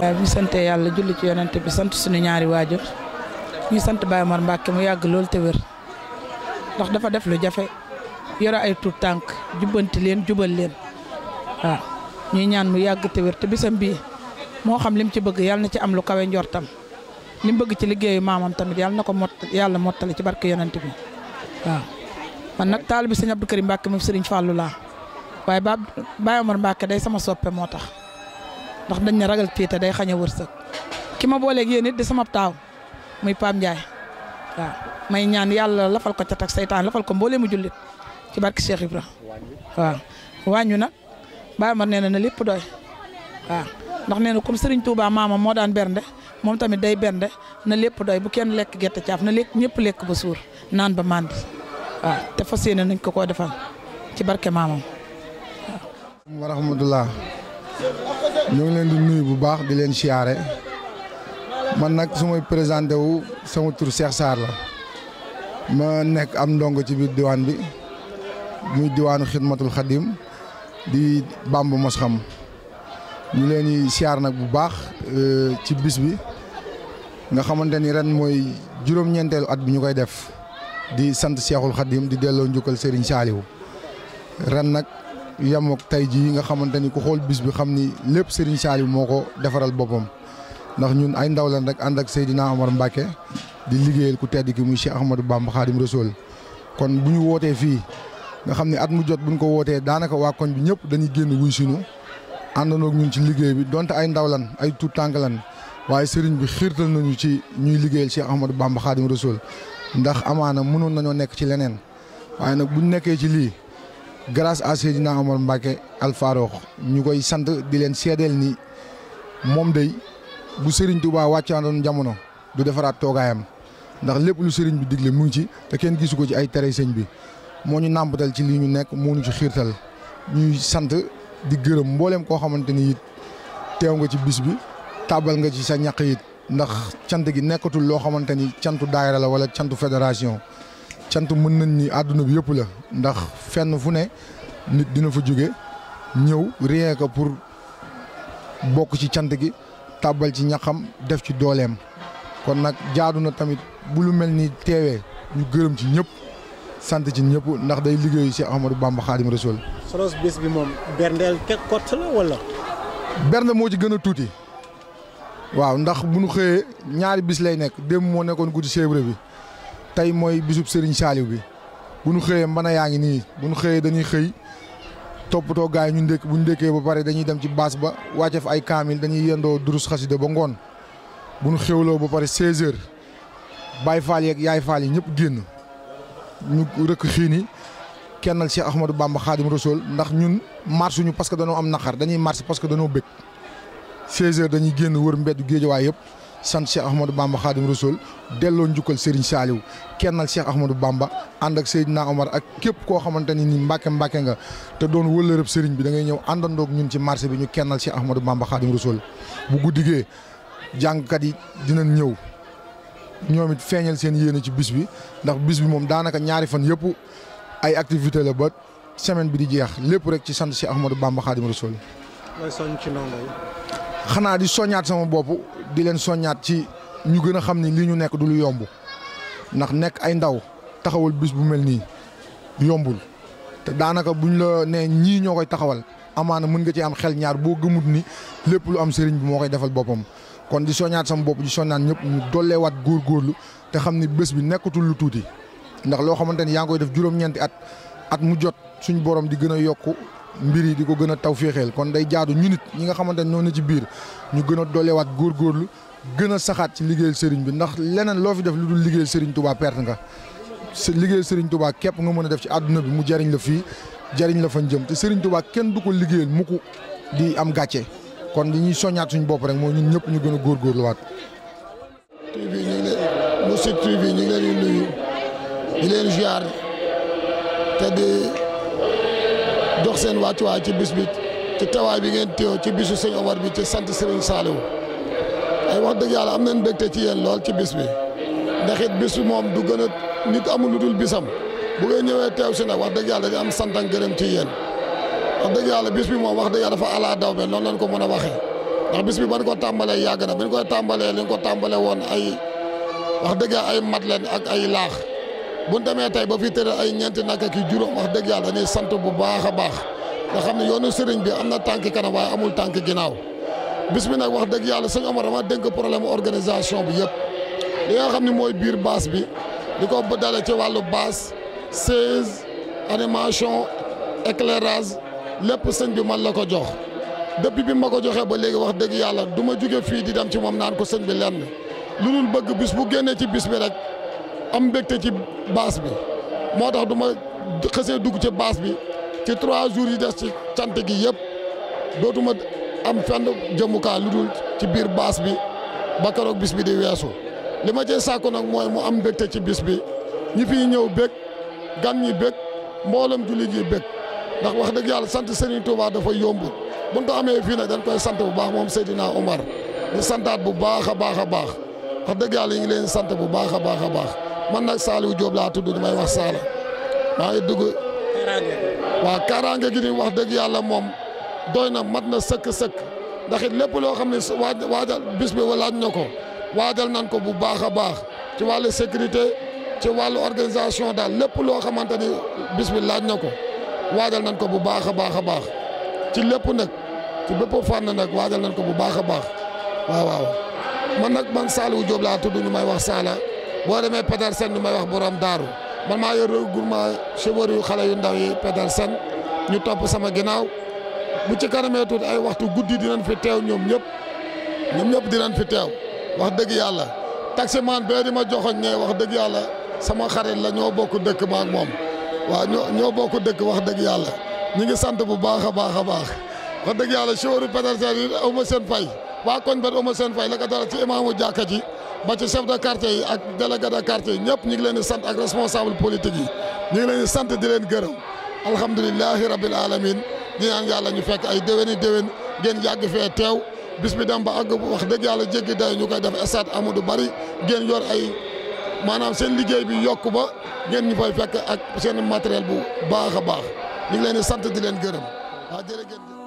waaw bu ñu sant yàlla julli ci yonent bi sant suñu ñaari waajur ñu sant Baye Omar Mbacke mu yàgg loolu te wér ndax dafa def lu jafe yore ay tuut tànk jubbanti leen jubal leen waaw ñuy ñaan mu yàgg te te bisam bi moo xam lim ci bëgg yàlla na ci am lu kawe njortam lim bëgg ci liggéeyu maamam tamit yàlla na ko mot yàlla mottali ci barke yonent bi waaw. man nag taalibi sëñ Abdou Karim Mbacke moom Serigne Fallou laa waaye Baye Omar Mbacke day sama soppe moo tax. ndax dañ ne ragal tiita day xañ a wërsëg ki ma booleeg yéen it di sama taaw muy Pape Ndiaye waaw may ñaan yàlla lafal ko cat ak saytaan lafal ko mboolee mu jullit ci barke Cheikh Ibra waaw wàññu nag bàyyi ma nee na lépp doy waaw ndax nee na comme Serigne Touba maama moo daan bernde moom tamit day bernde na lépp doy bu kenn lekk gerte caaf na lekk ñëpp lekk ba suur naan ba màndi waaw te fas yéene nañ ko koo defal ci barke maamam waaw. ñu ngi leen di nuyu bu baax di leen siyaare man nag su may présenté wu sama tur Cheikh saar la ma nekk am ndongo ci biir diwaan bi muy diwaanu xidmatul xadim di bamb mos xam ñu leen siyaar nag bu baax euh, ci bis bi nga xamante ni ren mooy juróom-ñeenteelu at bi ñu koy def di sant Cheikhul Xadim di delloo njukkal Serigne Saliou ren nag. yemook tey jii nga xamante ni ku xool bis bi xam ni lépp Serigne Saliou moo ko defaral boppam ndax ñun ay ndaw lañ rek ànd ak Seydina Omar Mbacke di liggéeyal ku tedd ki muy Cheikh Ahmadou Bamba Khadim Rasoul kon bu ñu wootee fii nga xam ne at mu jot ñu ko wootee daanaka waa koñ bi ñëpp dañuy génn wuy sinu àndandoo ñun ci liggéey bi donte ay ndaw lan ay tuut tànk lan waaye sëriñ bi xiirtal nañu ci ñuy liggéeyal Cheikh Ahmadou Bamba Khadim Rasoul ndax amaana mënoon nañoo nekk ci leneen waaye nag buñ nekkee ci lii grâce à Seydina Omar Mbacke Al Farouk ñu koy sant di leen seedeel ni moom day bu Serigne Touba wàccaandoon jamono du defaraat toogaayam ndax lépp lu sëriñ bi digle mu ngi ci te kenn gisu ko ci ay tere bi moo ñu nàmpatal ci lii ñu nekk moo ñu ci xiirtal ñuy sant di gërëm mbooleem koo xamante ni it teew nga ci bis bi tàbbal nga ci sa ñaq yit ndax cant gi nekkatul loo xamante ni cantu daayira la wala cantu fédération. cant mën nañ ni àdduna bi yëpp la ndax fenn fu ne nit dina fa jóge ñëw rien que pour bokk ci cant gi tàbbal ci ñaxam def ci dooleem kon nag jaadu na tamit bu lu mel ni teewee ñu gërëm ci ñëpp sant ci ñëpp ndax day liggéeyu si Ahmadou Bamba Xaadim Rasul. solos bés bi moom berndeel teg kott la wala. bernde moo ci gën a tuuti waaw ndax bu nu xëyee ñaari bis lay nekk démb moo nekkoon guddi séebre bi. tey mooy bisub Serigne Saliou bi bu ñu xëyee mën a yaa ngi nii bu ñu xëyee dañuy xëy toppatoo gars yi ñu ndékk bu ñu ndékkee ba pare dañuy dem ci baas ba wàcce fa ay kaamil dañuy yendoo durus xasida ba ngoon bu ñu xewloo ba pare 16h Baye Fall yeeg Yaay Fall yi ñëpp génn ñu rëkk xiini kennal Cheikh Ahmadou Bamba Khadim Rasoul ndax ñun marche ñu parce que dañoo am naqar dañuy marche parce que dañoo bëgg 16 dañuy génn wër mbedd géejawaay yëpp. sant Cheikh Ahmadou Bamba Khadim Rasoul delloo njukkal Serigne Saliou kennal Cheikh Ahmadou Bamba ànd ak Seydina Omar ak képp koo xamante ni nii mbàkke mbàkke nga te doon wëllërëb Serigne bi da ngay ñëw àndandoog ñun ci marché bi ñu kennal Cheikh Ahmadou Bamba Khadim Rasoul bu guddigee jàngkat yi dina ñëw ñoom it feeñal seen yéene ci bis bi ndax bis bi moom daanaka ñaari fan yëpp ay activité la ba semaine bi di jeex lépp rek ci sant Cheikh Ahmadou Bamba Khadim Rasoul. mooy soñ ci ndongo yi. xanaa di soñaat sama bopp di leen soññaat ci ñu gën a xam ni li ñu nekk du lu yomb ndax nekk ay ndaw taxawal bés bu mel nii yombul te daanaka buñ la nee ñii ñoo koy taxawal amaana mën nga ci am xel ñaar boo gëmut ni lépp lu am sëriñ bi moo koy defal boppam kon di soññaat sama bopp di soññaat ñëpp ñu dolleewaat góorgóorlu te xam ni bés bi nekkatul lu tuuti ndax loo xamante ni yaa ngi koy def juróom-ñeenti at at mu jot suñ borom di gën a yokku mbir yi di ko gën a taw féexeel kon day jaadu ñu nit ñi nga xamante ne ñoo ci biir ñu gën a dooleewaat góorgóorlu gën a saxaat ci liggéeyal sëriñ bi ndax leneen loo fi def lu dul liggéeyal sëriñ Touba perte nga liggéeyal sëriñ Touba képp nga mën a def ci àdduna bi mu jariñ la fii jariñ la fañ jëm te sëriñ Touba kenn du ko liggéeyal mukk di am gàcce kon li ñuy soññaat suñu bopp rek mooy ñun ñëpp ñu gën a góorgóorluwaat. TV ñu ñu leen di di te di jox seen wàccuwaay ci bis bi ci tawaay bi ngeen teew ci bisu sëñ Omar bi ci sant Serigne Saliou ay wax dëgg yàlla am nañ mbégte ci yéen lool ci bis bi ndax bis bi moom du gën a nit amul lu dul bisam bu ngeen ñëwee teew si nag wax dëgg yàlla dañu am santa ak ci yéen wax dëgg yàlla bis bi moom wax dëgg yàlla dafa ala daw be noonu lañ ko mën a waxee ndax bis bi ban ko tàmbalee yàgg na bañ koy tàmbalee li ko tàmbalee woon ay wax dëgg ay mat leen ak ay laax bu ñu demee tey ba fi tëral ay ñeenti naka ki juróom wax dëgg yàlla dañuy sant bu baax a baax nga xam ne yoonu sëriñ bi am na tànk kanam waaye amul tànk ginnaaw bis bi nag wax dëgg yàlla sëñ Omar dama dénk problème organisation bi yëpp li nga xam ne mooy biir baas bi di ko dale ci wàllu baas seize animation éclairage lépp sëñ bi man la ko jox depuis bi ma ko joxee ba léegi wax dëgg yàlla duma ma jóge fii di dem ci moom naan ko sëñ bi lenn lu dul bëgg am mbégte ci baas bi moo tax duma xësee dugg ci baas bi ci trois jours yi des ci cant gi yëpp dootuma am fenn jëmukaay lu dul ci biir baas bi ba bis bi di weesu li ma cee sàkku nag mooy mu am mbégte ci bis bi ñi fiy ñëw bég gan ñi bég mboolem jullit yi bég ndax wax dëgg yàlla sant Serigne Touba dafa yomb bu ñu amee fii nag dañ koy sant bu baax moom Seydina Omar di santaat bu baax a baax a baax wax dëgg yàlla ñu ngi leen sant bu baax a baax a baax. man nag Saliou Diop jóoblaa tudd ñu may wax Saala maa ngi dugg. Kaaraange. waaw Kaaraange gi ni wax dëgg yàlla moom doy na mat na sëkk sëkk ndaxit it lépp loo xam ne waajal bis bi laaj na ko waajal nan ko bu baax a baax ci wàll sécurité ci wàllu organisation daal lépp loo xamante ni bis bi laaj na ko waajal nan ko bu baax a baax a baax ci lépp nag ci bépp fànn nag waajal nan ko bu baax a baax waaw waaw man nag man Saliou Diop laa tudd ñu may wax Saala. boo demee Petersen bi may wax borom daaru man maa yor groupement chauffeur yu xale yu ndaw yi Petersen ñu topp sama ginnaaw bu ci kanamee tuuti ay waxtu guddi dinañ fi teew ñoom ñëpp ñoom ñëpp dinañ fi teew wax dëgg yàlla taximaan bee di ma joxoñ ne wax dëgg yàlla sama xarit la ñoo bokk dëkk ma moom waaw ñoo ñoo bokk dëkk wax dëgg yàlla ñu ngi sant bu baax a baax a baax wax dëgg yàlla chauffeur yu Petersen yi aw ma seen fay waa koñ bet aw ma seen fay la ko dara ci imaamu ji ba ci chef de quartier yi ak délégué de quartier yi ñëpp ñu ngi leen di sant ak responsable politique yi ñu ngi leen di sant di leen gërëm alhamdulilahi rabbil alamin di ñaan yàlla ñu fekk ay déwéni déwén ngeen yàgg fee teew bis bi dem ba àgg wax dëgg yàlla jéggi day ñu koy def stade Amadou Barry ngeen yor ay maanaam seen liggéey bi yokk ba ngeen ñu fay fekk ak seen matériel bu baax a baax ñu ngi leen sant di leen gërëm